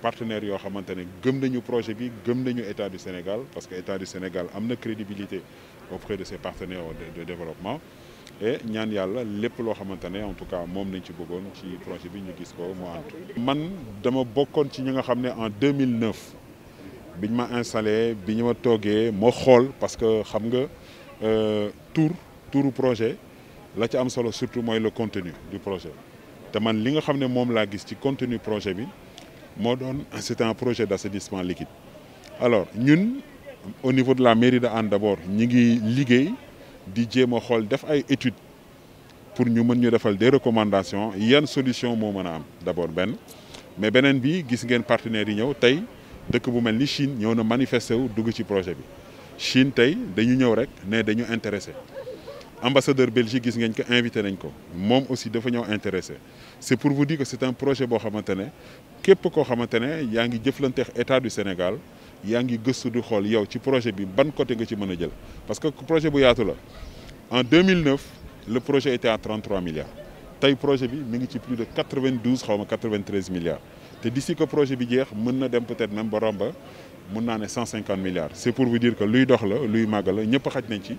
partenaires yoo xamante ne gëm nañu projet bi gëm nañu état du Sénégal parce que état du Sénégal am na crédibilité auprès de ses partenaires de développement et ñaan yàlla lépp loo xamante en tout cas moom lañ ci bëggoon ci projet bi ñu gis ko mu ànd. man dama bokkoon ci ñi nga xam ne en 2009 biñ ma installé bi ñu ma toogee parce que xam nga euh, tour touru projet la ci am solo surtout mooy le contenu du projet te man li nga xam ne moom laa gis ci contenu projet bi. C'était c'est un projet d'assainissement liquide alors nous, au niveau de la mairie de d'abord nous ngi liggéey di jéem a xool def études pour ñu mën ñu des recommandations Il solution a une solution, am d'abord Ben, mais beneen bi gis ngeen partenaires yi ñëw tey dëkk bu mel la Chine ñëw na manifesté wu dugg ci projet bi Chine tey dañu ñëw rek ne dañu intéressé ambassadeur Belgique gis ngeen ko invité nañ ko mom aussi dafa ñëw intéressé c'est pour vous dire que c'est un projet bo xamantene képp ko xamantene yaangi yaa état du Sénégal yaangi ngi du xol yow ci projet bi ban côté nga ci jël parce que projet bu yaatu la en 2009 le projet était à 33 milliards tay projet bi mi ngi ci plus de 92 xawma 93 milliards té d'ici que projet bi jeex mëna dem peut-être même boromba mëna né 150 milliards c'est pour vous dire que luy dox la luy magal la ñëpp xaj nañ ci